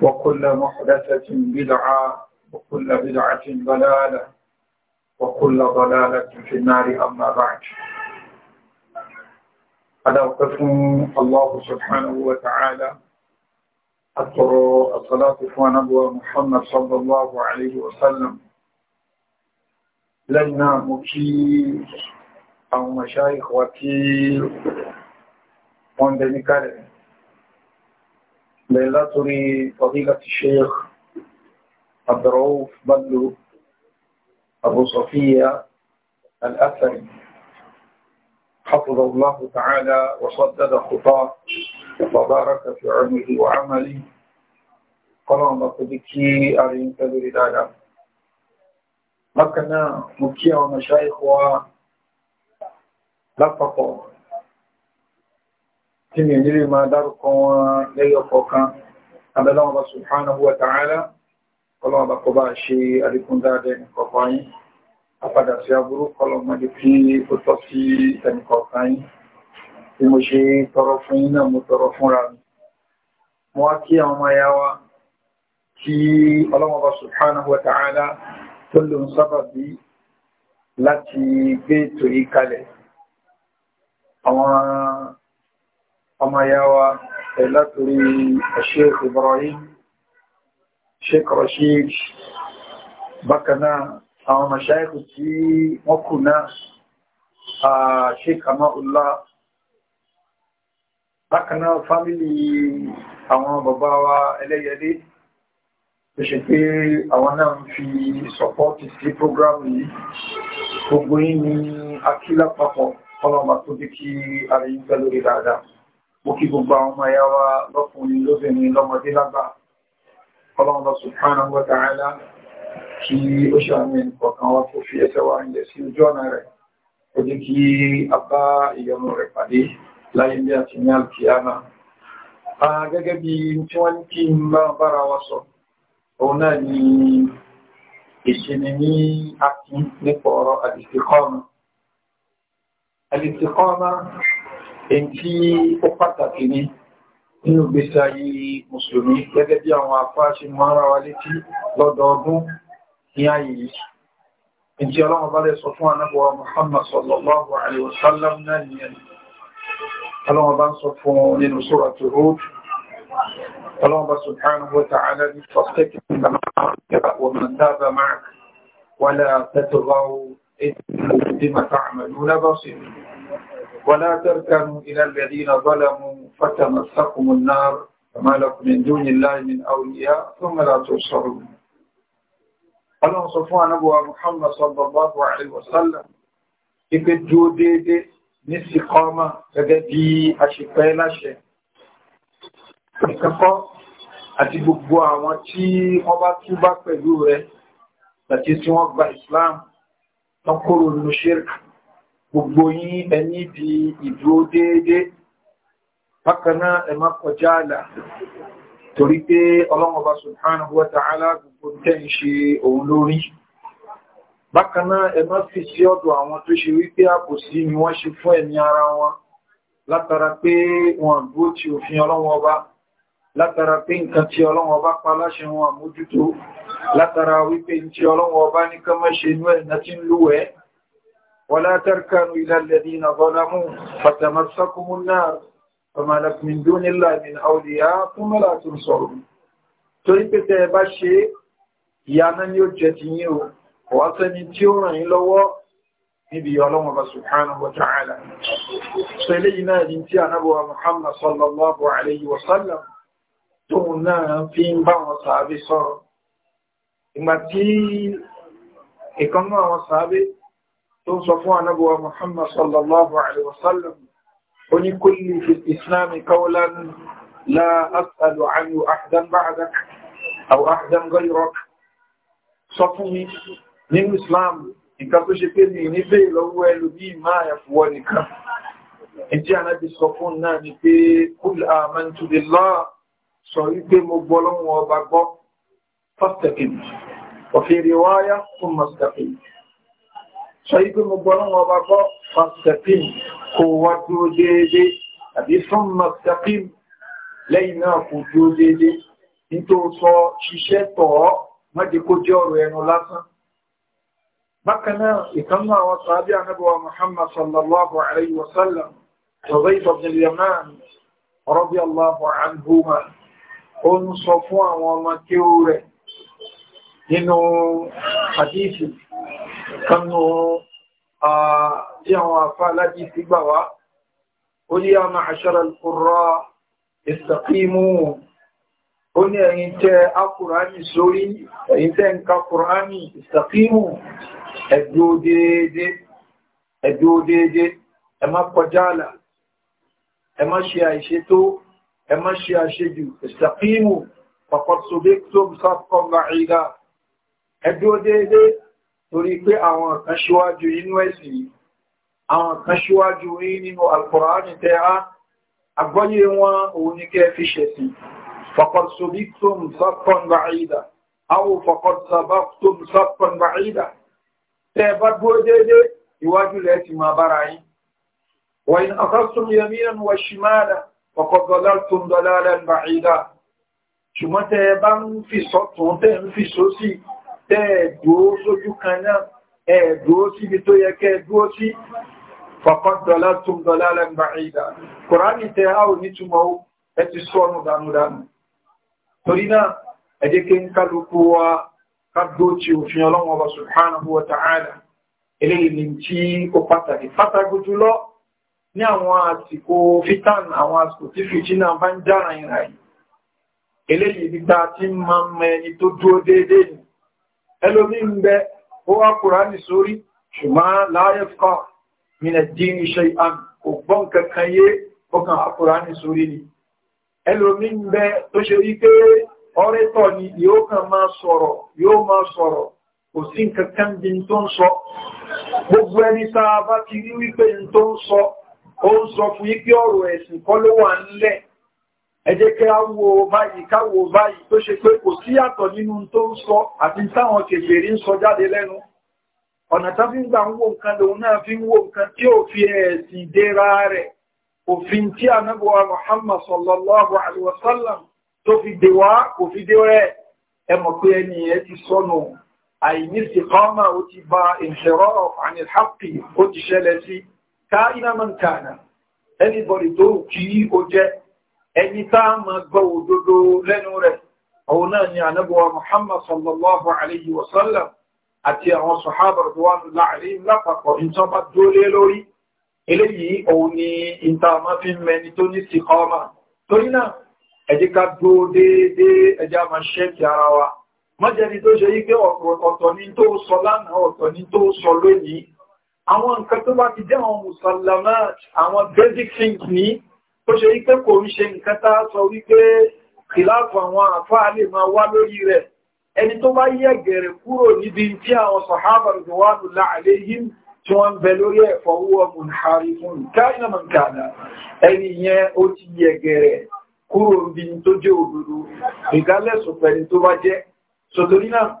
وكل محدثة بدعة وكل بدعة ضلالة وكل ضلالة في النار أما بعد على وقف الله سبحانه وتعالى أطر الصلاة ونبوة محمد صلى الله عليه وسلم لنا مكي أو مشايخ وكي وندمي كارثة ليلتني فضيلة الشيخ عبد الرؤوف بدلو أبو صفية الأثري حفظه الله تعالى وصدد خطاه وبارك في علمه وعمله قال ما تبكي أرين كبير ما كان مكيا ومشايخ لفظوا kí ni ìdílé máa dárúkọ wọn lẹ́yọ kọ̀ọ̀kan abẹ́lọ́wọ́ bá subhanahu wa ta'ala kọlọ́wọ́ bá kọ bá ṣe àríkún dáadẹ́ nìkọ̀ọ̀kan yìí apadà sí aburú kọlọ̀mọ́dé kí ó tọ́ sí ẹnìkọ̀ọ̀kan yìí bí mo ṣe àwọn ọmọ ya wa látòrí Sheikh Ibrahim Sheikh Rashid bákaná àwọn mashayikù tí wọ́n kù náà Sheikh Kamaullah bákaná fámílì àwọn bàbá wa ẹlẹ́yẹlé tó ṣe pé àwọn náà ń fi sọpọ́tì sí prógrámù yìí gbogbo yìí ni akílápapọ̀ ọlọ́mà tó bí kí àríyìn pẹ̀lú rí dáadáa mo kí gbogbo àwọn ọmọ ẹ̀yà wa lọ́kùnrin lóbìnrin lọ́mọdé lágbà ọlọ́run lọ subhanahu wa ta'ala kí ó ṣàmì ọ̀kan wa tó fi ẹsẹ̀ wa ilẹ̀ sí ojú ọ̀nà rẹ̀ ó jẹ́ kí a bá ìyọnu rẹ̀ pàdé láyé òun náà ni ìṣẹ́ni ní akin nípa ọ̀rọ̀ al-istiqama al-istiqama èyí tí ó pàtàkì ní nínú gbèsè ayé mùsùlùmí gẹ́gẹ́ bí àwọn àfáà ṣe máa ń ra wa létí lọ́dọọdún ní ayé yìí èyí tí ọlọ́run bá lè sọ fún anábọ̀wá Muhammad sallallahu alaihi wasallam náà nìyẹn ọlọ́run bá ń sọ fún nínú suratu Hud ọlọ́run ولا تركنوا إلى الذين ظلموا فتمسكم النار فما لكم من دون الله من أولياء ثم لا تنصرون ọlọ́run sọ fún anábọ̀wà Muhammad sallallahu alaihi wasallam ipe dúó déédé ní síkọ́ọ́mà gẹ́gẹ́ bí aṣèpẹ́ láṣẹ ìkẹ́kọ́ àti gbogbo àwọn tí wọ́n bá túbá pẹ̀lú rẹ̀ àti tí wọ́n gba Islam tán kúrò nínú ṣírkì gbogbo yín ẹni di ìdúró déédé bákaná ẹmá kọjá àlà torí pé ọlọ́run ọba subhanahu wa ta'ala gbogbo tẹ́ ń ṣe òun lórí bákaná ẹmá fi sí ọ̀dọ̀ àwọn tó ṣe wípé àbòsí ni wọ́n ṣe fún ẹ̀mí ara wọn látara pé wọn dúró ti òfin ọlọ́run ọba látara pé nǹkan tí ọlọ́run ọba pa láṣẹ wọn àmójútó látara wípé ní tí ọlọ́run ní kán ṣe inú ẹ̀ náà ti ń lúwẹ̀ẹ́ ولا تركنوا إلى الذين ظلموا فتمسكم النار فما لك من دون الله من أولياء ثم لا تنصرون torípé tẹ́ ẹ bá ṣe ìyáná ni ó jẹ ti yín o wá sẹ́ni tí ó ràn yín lọ́wọ́ níbi ọlọ́wọ́ bá subhanahu wa ta'ala ṣẹlẹ̀ yìí náà yìí tí anábọ̀wà muhammad sallallahu alayhi wa sallam tóun náà fi ń bá wọn sàábé sọ̀rọ̀ ìgbà tí ìkan náà wọn sàábé tó ń sọ fún anábọ̀wà muhammad sallallahu alaihi wasallam ó ní kulli fi islami qawlan la as'alu anhu ahdan ba'dak aw ahdan ghayrak sọ fún mi nínú islam nǹkan tó ṣe pé ní níbẹ̀ lọ́wọ́ ẹlòmí máa ẹ̀fọ́ nìkan ìjẹ́ anábi sọ fún náà ni pé kul amantu sọ wípé mo gbọ́ lọ́wọ́ ọba gbọ́ fastaqim wa fi fún mastaqim sọ yí pé mo gbọ́ náà ọba gbọ́ fastaqim kò wá dúró déédéé àbí fún mastaqim lẹ́yìn náà kò dúró déédéé nítorí sọ ṣiṣẹ́ tọ̀ ọ́ mọ́dé kó jẹ́ ọ̀rọ̀ ẹnu lásán. bákan náà ìkànnà àwọn sàábí anábọ̀wá Muhammad sallallahu alayhi wa sallam Hudhayfa ibn al-Yaman radiyallahu ó ń sọ fún àwọn ọmọ kéwú rẹ̀ nínú hadithi kanu tí àwọn afá láti sí gbà wá ó ní àmà àṣàrà alkùrọ̀ ìsàkímù ó ní ẹ̀yin tẹ́ akùránì sórí ẹ̀yin tẹ́ ń ka kùránì ìsàkímù ẹ̀dúó déédé ẹ̀dúó déédé ẹ má kọjá àlà ẹ má ṣe àìṣètò ẹ ṣe àṣejù ìsàkímù pàpàṣọ torí pé àwọn kan ṣíwájú inú ẹ̀sìn yìí àwọn kan ṣíwájú rí nínú alkùránì tẹ́ á àgbọ́yé wọn òun ní kẹ́ fi ṣẹ̀sìn faqad sabaqtum sabqan ba'ida aw faqad sabaqtum sabqan ba'ida tẹ́ bá dúró déédé ìwájú lẹ́ ti máa bára yín wa in akhadtum yaminan wa shimalan faqad dalaltum dalalan tẹ́ẹ̀dúó sójú kan náà ẹ̀ẹ̀dúó síbi tó yẹ kẹ́ẹ̀dúó sí faqad dalaltum dalalan ba'ida kùránì tẹ́ á ò nítumọ̀ ẹ ti sọ́nù dánúdánù torí náà ẹjẹ́ kí ń kálukú wa kágbó tí òfin eléyìí tí ó tí ń máa ń tó dúró déédéé ẹlòmí ń bẹ ó wá kùránì sórí ṣùgbọ́n láyé fọ́ minẹ̀ dín iṣẹ́ ìhàn ògbọ́n kankan yé ọkàn àkùránì sórí ni ẹlòmí ń bẹ tó ṣe rí pé ọrẹ́tọ̀ ni yóò kàn máa sọ̀rọ̀ yóò máa sọ̀rọ̀ kò sí nǹkankan bí n tó ń sọ gbogbo ẹni sáà ti rí wípé n tó ń sọ ó ń sọ fún yí pé ọ̀rọ̀ ẹ̀sìn kọ́ ló wà ńlẹ̀ ẹjẹ́ kí a wo báyìí káwo báyìí tó ṣe pé kò sí yàtọ̀ nínú tó ń sọ àti táwọn kèfèrí ń sọ jáde lẹ́nu ọ̀nà tó fi ń gbà ń wo nǹkan lòun náà fi ń wo nǹkan tí ò fi ẹ̀sìn dera rẹ̀ òfin tí anábọ̀wà Muhammad sallallahu alaihi wasallam tó fi dè wá kò fi dé rẹ̀ ẹ mọ̀ pé ẹni ẹ ti sọnù àìní sí kọ́mà ó ti ba ìṣẹ̀rọ̀ anil haqqi ó ti ṣẹlẹ̀ sí ká iná mọ̀ nǹkan ẹni bọ̀dì tó kì ó jẹ́ ẹni tá a máa gbọ́ òdodo lẹ́nu rẹ̀ òun náà ni ànábọ̀wá Muhammad sallallahu alayhi wa sallam àti àwọn sọ̀hábà rẹ̀wánu láàrin lápapọ̀ nǹkan bá dólé lórí eléyìí òun ni ìta máa fi mẹni tó ní sí ọmọ torí náà ẹ̀jẹ̀ ká dúó déédéé ẹ̀jẹ̀ a máa ṣẹ́ẹ̀kì ara wa mọ́jẹ̀ni tó ṣe yíké ọ̀tọ̀ ní tó sọ lánàá ọ̀tọ̀ ní tó sọ lónìí àwọn nǹkan tó bá ti jẹ́ àwọn musallamat àwọn basic things ní tó ṣe wípé kò ń ṣe nǹkan tá sọ wípé kìláàfù àwọn àfáà lè máa wá lórí rẹ̀ ẹni tó bá yẹ gẹ̀rẹ̀ kúrò níbi tí àwọn sọ̀hábà rẹ̀wàlù láàléhìm tí wọ́n ń bẹ lórí ẹ̀fọ́ owó mùnhárí fún káyínà mọ̀kànlá ẹni yẹn ó ti yẹ gẹ̀rẹ̀ kúrò níbi tó jẹ́ òdodo ìgálẹ̀sù pẹ̀lú tó bá jẹ́ sọ̀tòrí náà